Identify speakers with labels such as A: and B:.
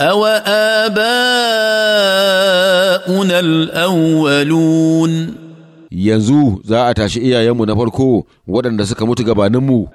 A: أوآباؤنا الأولون yanzu za a tashi iyayenmu na farko waɗanda suka mutu gabaninmu